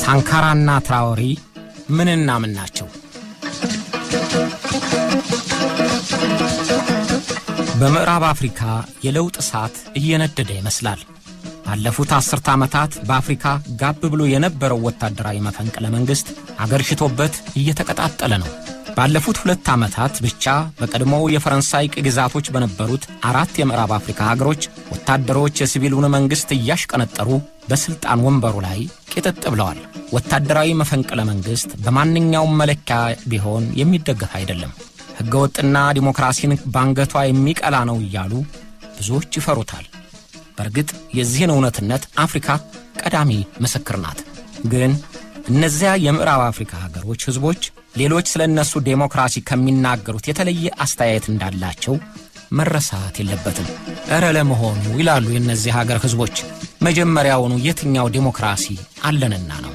ሳንካራና ትራወሪ ምንና ምን ናቸው? በምዕራብ አፍሪካ የለውጥ እሳት እየነደደ ይመስላል። ባለፉት አስርተ ዓመታት በአፍሪካ ጋብ ብሎ የነበረው ወታደራዊ መፈንቅለ መንግሥት አገርሽቶበት እየተቀጣጠለ ነው። ባለፉት ሁለት ዓመታት ብቻ በቀድሞው የፈረንሳይ ቅኝ ግዛቶች በነበሩት አራት የምዕራብ አፍሪካ ሀገሮች ወታደሮች የሲቪሉን መንግሥት እያሽቀነጠሩ በሥልጣን ወንበሩ ላይ ቂጥጥ ብለዋል። ወታደራዊ መፈንቅለ መንግሥት በማንኛውም መለኪያ ቢሆን የሚደገፍ አይደለም፣ ሕገወጥና ዲሞክራሲን ባንገቷ የሚቀላ ነው እያሉ ብዙዎች ይፈሩታል። በእርግጥ የዚህን እውነትነት አፍሪካ ቀዳሚ ምስክር ናት። ግን እነዚያ የምዕራብ አፍሪካ ሀገሮች ሕዝቦች ሌሎች ስለ እነሱ ዴሞክራሲ ከሚናገሩት የተለየ አስተያየት እንዳላቸው መረሳት የለበትም። እረ ለመሆኑ ይላሉ የእነዚህ ሀገር ሕዝቦች መጀመሪያውኑ የትኛው ዴሞክራሲ አለንና ነው።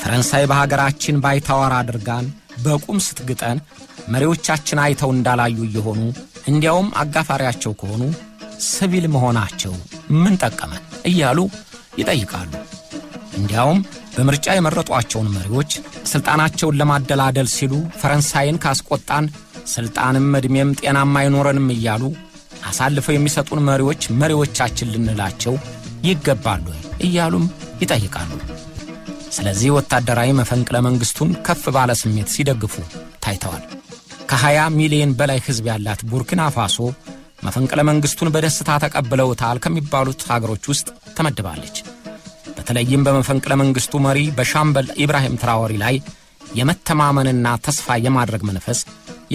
ፈረንሳይ በሀገራችን ባይታወር አድርጋን በቁም ስትግጠን መሪዎቻችን አይተው እንዳላዩ እየሆኑ እንዲያውም አጋፋሪያቸው ከሆኑ ሲቪል መሆናቸው ምን ጠቀመን እያሉ ይጠይቃሉ። እንዲያውም በምርጫ የመረጧቸውን መሪዎች ስልጣናቸውን ለማደላደል ሲሉ ፈረንሳይን ካስቆጣን ስልጣንም ዕድሜም ጤናም አይኖረንም እያሉ አሳልፈው የሚሰጡን መሪዎች መሪዎቻችን ልንላቸው ይገባሉ እያሉም ይጠይቃሉ። ስለዚህ ወታደራዊ መፈንቅለ መንግሥቱን ከፍ ባለ ስሜት ሲደግፉ ታይተዋል። ከ20 ሚሊዮን በላይ ሕዝብ ያላት ቡርኪና ፋሶ መፈንቅለ መንግሥቱን በደስታ ተቀብለውታል ከሚባሉት አገሮች ውስጥ ተመድባለች። በተለይም በመፈንቅለ መንግሥቱ መሪ በሻምበል ኢብራሂም ትራወሪ ላይ የመተማመንና ተስፋ የማድረግ መንፈስ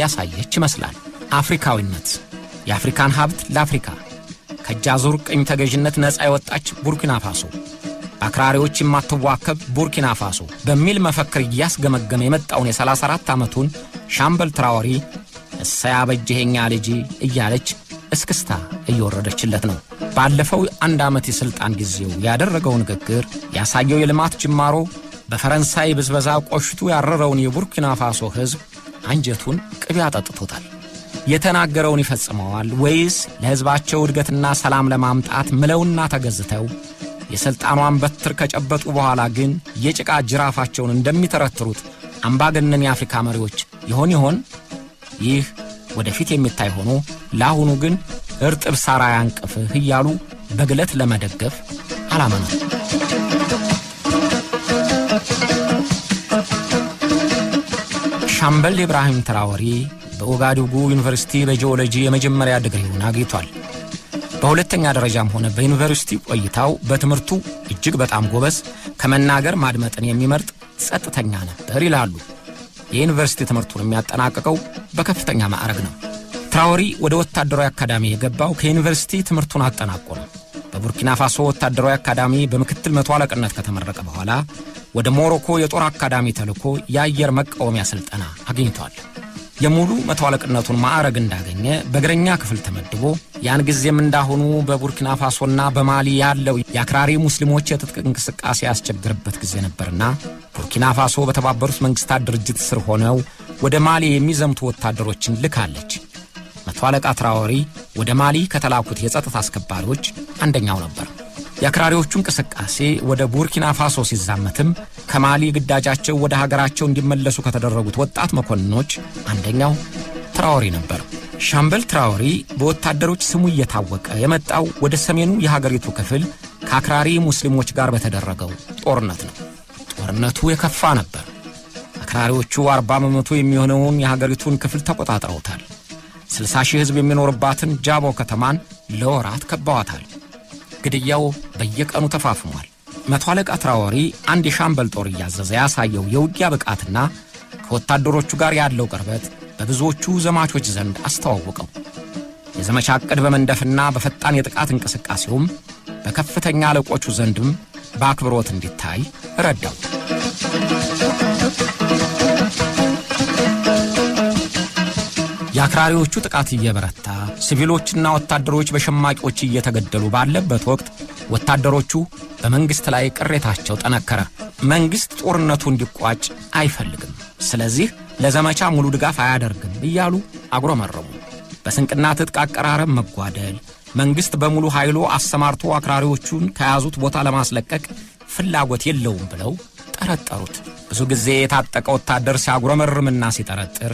ያሳየች ይመስላል። አፍሪካዊነት፣ የአፍሪካን ሀብት ለአፍሪካ ከጃዙር ቅኝ ተገዥነት ነፃ የወጣች ቡርኪና ፋሶ፣ በአክራሪዎች የማትዋከብ ቡርኪና ፋሶ በሚል መፈክር እያስገመገመ የመጣውን የ34 ዓመቱን ሻምበል ትራወሪ እሰያ በጅሄኛ ልጅ እያለች እስክስታ እየወረደችለት ነው። ባለፈው አንድ ዓመት የሥልጣን ጊዜው ያደረገው ንግግር ያሳየው የልማት ጅማሮ በፈረንሳይ ብዝበዛ ቆሽቱ ያረረውን የቡርኪና ፋሶ ሕዝብ አንጀቱን ቅቤ አጠጥቶታል። የተናገረውን ይፈጽመዋል ወይስ ለሕዝባቸው እድገትና ሰላም ለማምጣት ምለውና ተገዝተው የሥልጣኗን በትር ከጨበጡ በኋላ ግን የጭቃ ጅራፋቸውን እንደሚተረትሩት አምባገነን የአፍሪካ መሪዎች ይሆን ይሆን? ይህ ወደፊት የሚታይ ሆኖ ለአሁኑ ግን እርጥብ ሳራ ያንቅፍህ እያሉ በግለት ለመደገፍ አላማ ነው። ሻምበል ኢብራሂም ትራወሪ በኦጋዱጉ ዩኒቨርሲቲ በጂኦሎጂ የመጀመሪያ ድግሪውን አግኝቷል። በሁለተኛ ደረጃም ሆነ በዩኒቨርሲቲ ቆይታው በትምህርቱ እጅግ በጣም ጎበዝ፣ ከመናገር ማድመጥን የሚመርጥ ጸጥተኛ ነበር ይላሉ። የዩኒቨርሲቲ ትምህርቱን የሚያጠናቅቀው በከፍተኛ ማዕረግ ነው። ትራዎሪ ወደ ወታደራዊ አካዳሚ የገባው ከዩኒቨርሲቲ ትምህርቱን አጠናቆ ነው። በቡርኪና ፋሶ ወታደራዊ አካዳሚ በምክትል መቶ አለቅነት ከተመረቀ በኋላ ወደ ሞሮኮ የጦር አካዳሚ ተልኮ የአየር መቃወሚያ ሥልጠና አግኝቷል። የሙሉ መቶ አለቅነቱን ማዕረግ እንዳገኘ በእግረኛ ክፍል ተመድቦ ያን ጊዜም እንዳሁኑ በቡርኪና ፋሶና በማሊ ያለው የአክራሪ ሙስሊሞች የትጥቅ እንቅስቃሴ ያስቸግርበት ጊዜ ነበርና ቡርኪና ፋሶ በተባበሩት መንግሥታት ድርጅት ስር ሆነው ወደ ማሊ የሚዘምቱ ወታደሮችን ልካለች። አለቃ ትራወሪ ወደ ማሊ ከተላኩት የጸጥታ አስከባሪዎች አንደኛው ነበር። የአክራሪዎቹ እንቅስቃሴ ወደ ቡርኪና ፋሶ ሲዛመትም ከማሊ ግዳጃቸው ወደ ሀገራቸው እንዲመለሱ ከተደረጉት ወጣት መኮንኖች አንደኛው ትራወሪ ነበር። ሻምበል ትራወሪ በወታደሮች ስሙ እየታወቀ የመጣው ወደ ሰሜኑ የሀገሪቱ ክፍል ከአክራሪ ሙስሊሞች ጋር በተደረገው ጦርነት ነው። ጦርነቱ የከፋ ነበር። አክራሪዎቹ አርባ በመቶ የሚሆነውን የሀገሪቱን ክፍል ተቆጣጥረውታል። 60 ሺህ ሕዝብ የሚኖርባትን ጃቦ ከተማን ለወራት ከበዋታል። ግድያው በየቀኑ ተፋፍሟል። መቶ አለቃ ትራወሪ አንድ የሻምበል ጦር እያዘዘ ያሳየው የውጊያ ብቃትና ከወታደሮቹ ጋር ያለው ቅርበት በብዙዎቹ ዘማቾች ዘንድ አስተዋወቀው። የዘመቻ ዕቅድ በመንደፍና በፈጣን የጥቃት እንቅስቃሴውም በከፍተኛ አለቆቹ ዘንድም በአክብሮት እንዲታይ ረዳው። የአክራሪዎቹ ጥቃት እየበረታ ሲቪሎችና ወታደሮች በሸማቂዎች እየተገደሉ ባለበት ወቅት ወታደሮቹ በመንግሥት ላይ ቅሬታቸው ጠነከረ። መንግሥት ጦርነቱ እንዲቋጭ አይፈልግም፣ ስለዚህ ለዘመቻ ሙሉ ድጋፍ አያደርግም እያሉ አጉረመረሙ። በስንቅና ትጥቅ አቀራረብ መጓደል፣ መንግሥት በሙሉ ኃይሉ አሰማርቶ አክራሪዎቹን ከያዙት ቦታ ለማስለቀቅ ፍላጎት የለውም ብለው ጠረጠሩት። ብዙ ጊዜ የታጠቀ ወታደር ሲያጉረመርምና ሲጠረጥር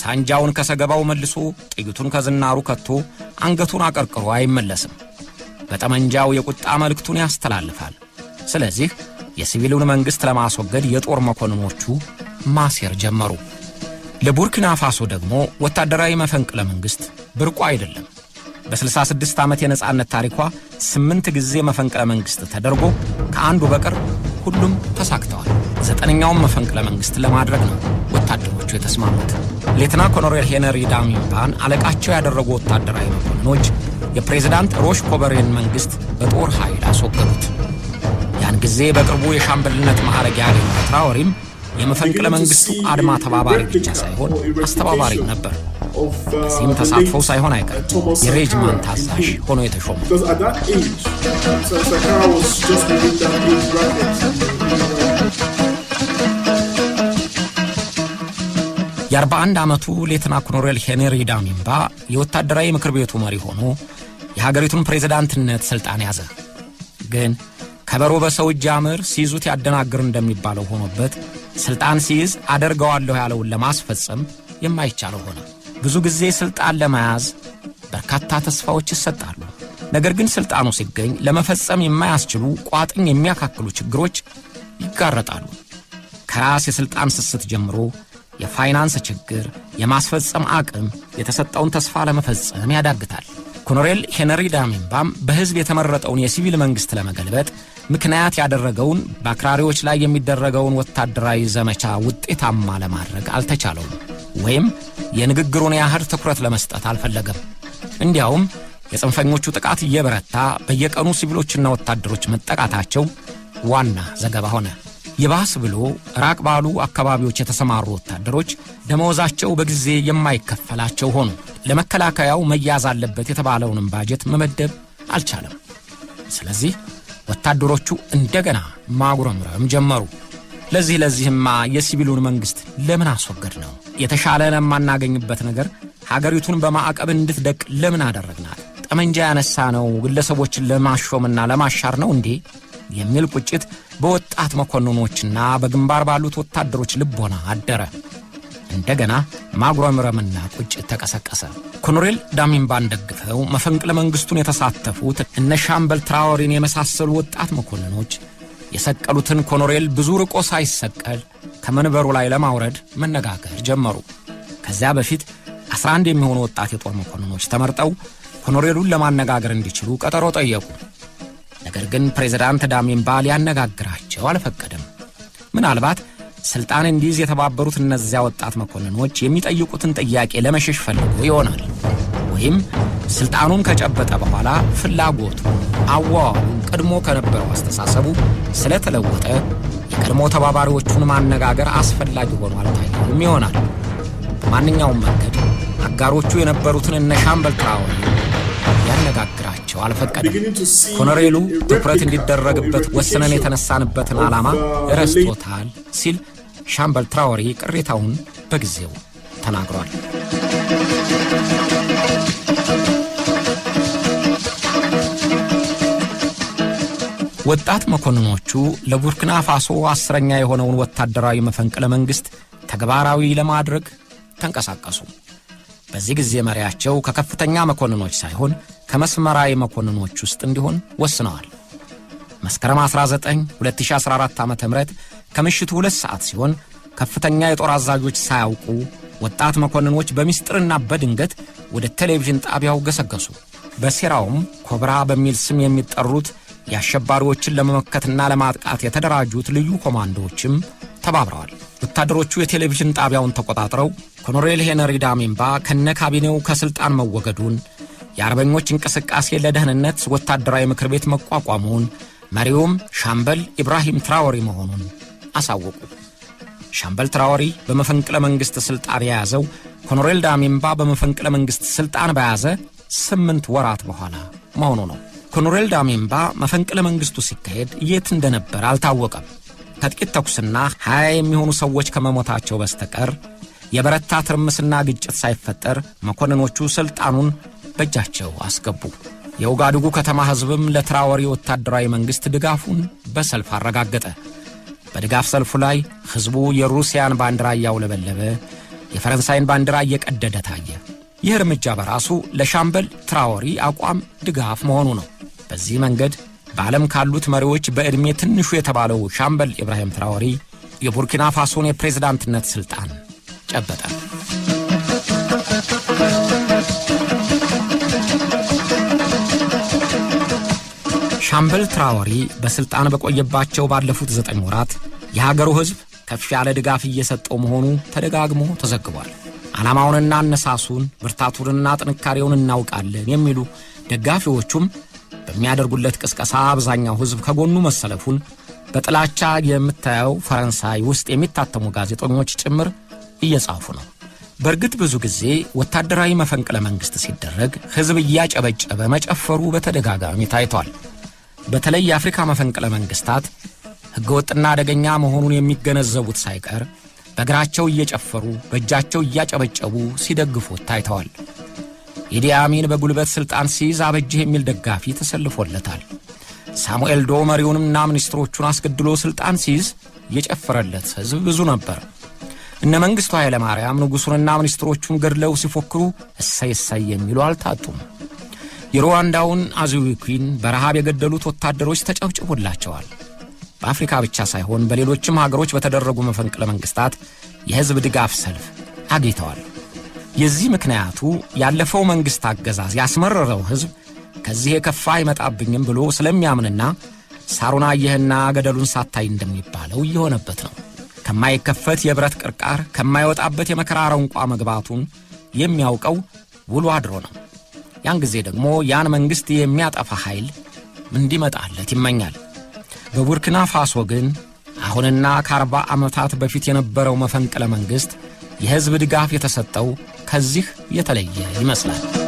ሳንጃውን ከሰገባው መልሶ ጥይቱን ከዝናሩ ከቶ አንገቱን አቀርቅሮ አይመለስም። በጠመንጃው የቁጣ መልእክቱን ያስተላልፋል። ስለዚህ የሲቪሉን መንግሥት ለማስወገድ የጦር መኮንኖቹ ማሴር ጀመሩ። ለቡርኪና ፋሶ ደግሞ ወታደራዊ መፈንቅለ መንግሥት ብርቁ አይደለም። በ66 ዓመት የነጻነት ታሪኳ ስምንት ጊዜ መፈንቅለ መንግሥት ተደርጎ ከአንዱ በቀር ሁሉም ተሳክተዋል። ዘጠነኛውን መፈንቅለ መንግሥት ለማድረግ ነው ወታደሮቹ የተስማሙት። ሌትና ኮሎኔል ሄነሪ ዳሚባን አለቃቸው ያደረጉ ወታደራዊ መኮንኖች የፕሬዝዳንት ሮሽ ኮበሬን መንግሥት በጦር ኃይል አስወገዱት። ያን ጊዜ በቅርቡ የሻምበልነት ማዕረግ ያገኘው ትራወሪም የመፈንቅለ መንግሥቱ አድማ ተባባሪ ብቻ ሳይሆን አስተባባሪም ነበር። በዚህም ተሳትፎ ሳይሆን አይቀርም የሬጅማንት ታዛዥ ሆኖ የተሾመ የ41 ዓመቱ ሌተና ኮሎኔል ሄንሪ ዳሚንባ የወታደራዊ ምክር ቤቱ መሪ ሆኖ የሀገሪቱን ፕሬዝዳንትነት ሥልጣን ያዘ። ግን ከበሮ በሰው እጅ አምር ሲይዙት ያደናግር እንደሚባለው ሆኖበት ሥልጣን ሲይዝ አደርገዋለሁ ያለውን ለማስፈጸም የማይቻለው ሆነ። ብዙ ጊዜ ሥልጣን ለመያዝ በርካታ ተስፋዎች ይሰጣሉ። ነገር ግን ሥልጣኑ ሲገኝ ለመፈጸም የማያስችሉ ቋጥኝ የሚያካክሉ ችግሮች ይጋረጣሉ። ከራስ የሥልጣን ስስት ጀምሮ የፋይናንስ ችግር፣ የማስፈጸም አቅም የተሰጠውን ተስፋ ለመፈጸም ያዳግታል። ኮሎኔል ሄነሪ ዳሚንባም በሕዝብ የተመረጠውን የሲቪል መንግሥት ለመገልበጥ ምክንያት ያደረገውን በአክራሪዎች ላይ የሚደረገውን ወታደራዊ ዘመቻ ውጤታማ ለማድረግ አልተቻለውም፣ ወይም የንግግሩን ያህል ትኩረት ለመስጠት አልፈለገም። እንዲያውም የጽንፈኞቹ ጥቃት እየበረታ በየቀኑ ሲቪሎችና ወታደሮች መጠቃታቸው ዋና ዘገባ ሆነ። ይባስ ብሎ ራቅ ባሉ አካባቢዎች የተሰማሩ ወታደሮች ደመወዛቸው በጊዜ የማይከፈላቸው ሆኑ። ለመከላከያው መያዝ አለበት የተባለውንም ባጀት መመደብ አልቻለም። ስለዚህ ወታደሮቹ እንደገና ማጉረምረም ጀመሩ። ለዚህ ለዚህማ የሲቪሉን መንግሥት ለምን አስወገድ ነው? የተሻለ ለማናገኝበት ነገር ሀገሪቱን በማዕቀብ እንድትደቅ ለምን አደረግናት? ጠመንጃ ያነሳ ነው ግለሰቦችን ለማሾምና ለማሻር ነው እንዴ? የሚል ቁጭት በወጣት መኮንኖችና በግንባር ባሉት ወታደሮች ልቦና አደረ። እንደገና ማጉረምረምና ቁጭት ተቀሰቀሰ። ኮሎኔል ዳሚንባን ደግፈው መፈንቅለ መንግሥቱን የተሳተፉት እነ ሻምበል ትራወሪን የመሳሰሉ ወጣት መኮንኖች የሰቀሉትን ኮሎኔል ብዙ ርቆ ሳይሰቀል ከመንበሩ ላይ ለማውረድ መነጋገር ጀመሩ። ከዚያ በፊት 11 የሚሆኑ ወጣት የጦር መኮንኖች ተመርጠው ኮሎኔሉን ለማነጋገር እንዲችሉ ቀጠሮ ጠየቁ። ነገር ግን ፕሬዝዳንት ዳሚንባል ሊያነጋግራቸው አልፈቀደም። ምናልባት ስልጣን እንዲይዝ የተባበሩት እነዚያ ወጣት መኮንኖች የሚጠይቁትን ጥያቄ ለመሸሽ ፈልጎ ይሆናል። ወይም ሥልጣኑን ከጨበጠ በኋላ ፍላጎቱ፣ አዋዋሉን ቀድሞ ከነበረው አስተሳሰቡ ስለተለወጠ የቀድሞ ተባባሪዎቹን ማነጋገር አስፈላጊ ሆኖ አልታየውም ይሆናል። በማንኛውም መንገድ አጋሮቹ የነበሩትን እነ ሻምበል ትራኦሬ ያነጋግራል። አልፈቀደም። ኮሎኔሉ ትኩረት እንዲደረግበት ወስነን የተነሳንበትን ዓላማ uh, ረስቶታል ሲል ሻምበል ትራወሪ ቅሬታውን በጊዜው ተናግሯል። ወጣት መኮንኖቹ ለቡርኪና ፋሶ አስረኛ የሆነውን ወታደራዊ መፈንቅለ መንግሥት ተግባራዊ ለማድረግ ተንቀሳቀሱ። በዚህ ጊዜ መሪያቸው ከከፍተኛ መኮንኖች ሳይሆን ከመስመራዊ መኮንኖች ውስጥ እንዲሆን ወስነዋል። መስከረም 19 2014 ዓ ም ከምሽቱ ሁለት ሰዓት ሲሆን ከፍተኛ የጦር አዛዦች ሳያውቁ ወጣት መኮንኖች በሚስጥርና በድንገት ወደ ቴሌቪዥን ጣቢያው ገሰገሱ። በሴራውም ኮብራ በሚል ስም የሚጠሩት የአሸባሪዎችን ለመመከትና ለማጥቃት የተደራጁት ልዩ ኮማንዶዎችም ተባብረዋል። ወታደሮቹ የቴሌቪዥን ጣቢያውን ተቆጣጥረው ኮሎኔል ሄነሪ ዳሜምባ ከነ ካቢኔው ከስልጣን መወገዱን፣ የአርበኞች እንቅስቃሴ ለደህንነት ወታደራዊ ምክር ቤት መቋቋሙን፣ መሪውም ሻምበል ኢብራሂም ትራወሪ መሆኑን አሳወቁ። ሻምበል ትራወሪ በመፈንቅለ መንግሥት ሥልጣን የያዘው ኮሎኔል ዳሜምባ በመፈንቅለ መንግሥት ሥልጣን በያዘ ስምንት ወራት በኋላ መሆኑ ነው። ኮሎኔል ዳሜምባ መፈንቅለ መንግሥቱ ሲካሄድ የት እንደነበር አልታወቀም። ከጥቂት ተኩስና ሀያ የሚሆኑ ሰዎች ከመሞታቸው በስተቀር የበረታ ትርምስና ግጭት ሳይፈጠር መኮንኖቹ ሥልጣኑን በእጃቸው አስገቡ። የኡጋዱጉ ከተማ ሕዝብም ለትራወሪ ወታደራዊ መንግሥት ድጋፉን በሰልፍ አረጋገጠ። በድጋፍ ሰልፉ ላይ ሕዝቡ የሩሲያን ባንዲራ እያውለበለበ የፈረንሳይን ባንዲራ እየቀደደ ታየ። ይህ እርምጃ በራሱ ለሻምበል ትራወሪ አቋም ድጋፍ መሆኑ ነው። በዚህ መንገድ በዓለም ካሉት መሪዎች በዕድሜ ትንሹ የተባለው ሻምበል ኢብራሂም ትራወሪ የቡርኪና ፋሶን የፕሬዝዳንትነት ሥልጣን ጨበጠ። ሻምበል ትራወሪ በሥልጣን በቆየባቸው ባለፉት ዘጠኝ ወራት የሀገሩ ሕዝብ ከፍ ያለ ድጋፍ እየሰጠው መሆኑ ተደጋግሞ ተዘግቧል። ዓላማውንና አነሳሱን ብርታቱንና ጥንካሬውን እናውቃለን የሚሉ ደጋፊዎቹም በሚያደርጉለት ቅስቀሳ አብዛኛው ሕዝብ ከጎኑ መሰለፉን በጥላቻ የምታየው ፈረንሳይ ውስጥ የሚታተሙ ጋዜጠኞች ጭምር እየጻፉ ነው። በእርግጥ ብዙ ጊዜ ወታደራዊ መፈንቅለ መንግሥት ሲደረግ ሕዝብ እያጨበጨበ መጨፈሩ በተደጋጋሚ ታይቷል። በተለይ የአፍሪካ መፈንቅለ መንግሥታት ሕገወጥና አደገኛ መሆኑን የሚገነዘቡት ሳይቀር በእግራቸው እየጨፈሩ በእጃቸው እያጨበጨቡ ሲደግፉት ታይተዋል። ኢዲ አሚን በጉልበት ሥልጣን ሲይዝ አበጅህ የሚል ደጋፊ ተሰልፎለታል። ሳሙኤል ዶ መሪውንና ሚኒስትሮቹን አስገድሎ ሥልጣን ሲይዝ የጨፈረለት ሕዝብ ብዙ ነበር። እነ መንግሥቱ ኃይለ ማርያም ንጉሡንና ሚኒስትሮቹን ገድለው ሲፎክሩ እሰይ እሰይ የሚሉ አልታጡም። የሩዋንዳውን አዙዊኩን በረሃብ የገደሉት ወታደሮች ተጨብጭቦላቸዋል። በአፍሪካ ብቻ ሳይሆን በሌሎችም ሀገሮች በተደረጉ መፈንቅለ መንግሥታት የሕዝብ ድጋፍ ሰልፍ አግኝተዋል። የዚህ ምክንያቱ ያለፈው መንግሥት አገዛዝ ያስመረረው ሕዝብ ከዚህ የከፋ አይመጣብኝም ብሎ ስለሚያምንና ሳሩን አየህና ገደሉን ሳታይ እንደሚባለው እየሆነበት ነው። ከማይከፈት የብረት ቅርቃር ከማይወጣበት የመከራ አረንቋ መግባቱን የሚያውቀው ውሎ አድሮ ነው። ያን ጊዜ ደግሞ ያን መንግሥት የሚያጠፋ ኃይል እንዲመጣለት ይመኛል። በቡርኪና ፋሶ ግን አሁንና ከአርባ ዓመታት በፊት የነበረው መፈንቅለ መንግሥት የሕዝብ ድጋፍ የተሰጠው ከዚህ የተለየ ይመስላል።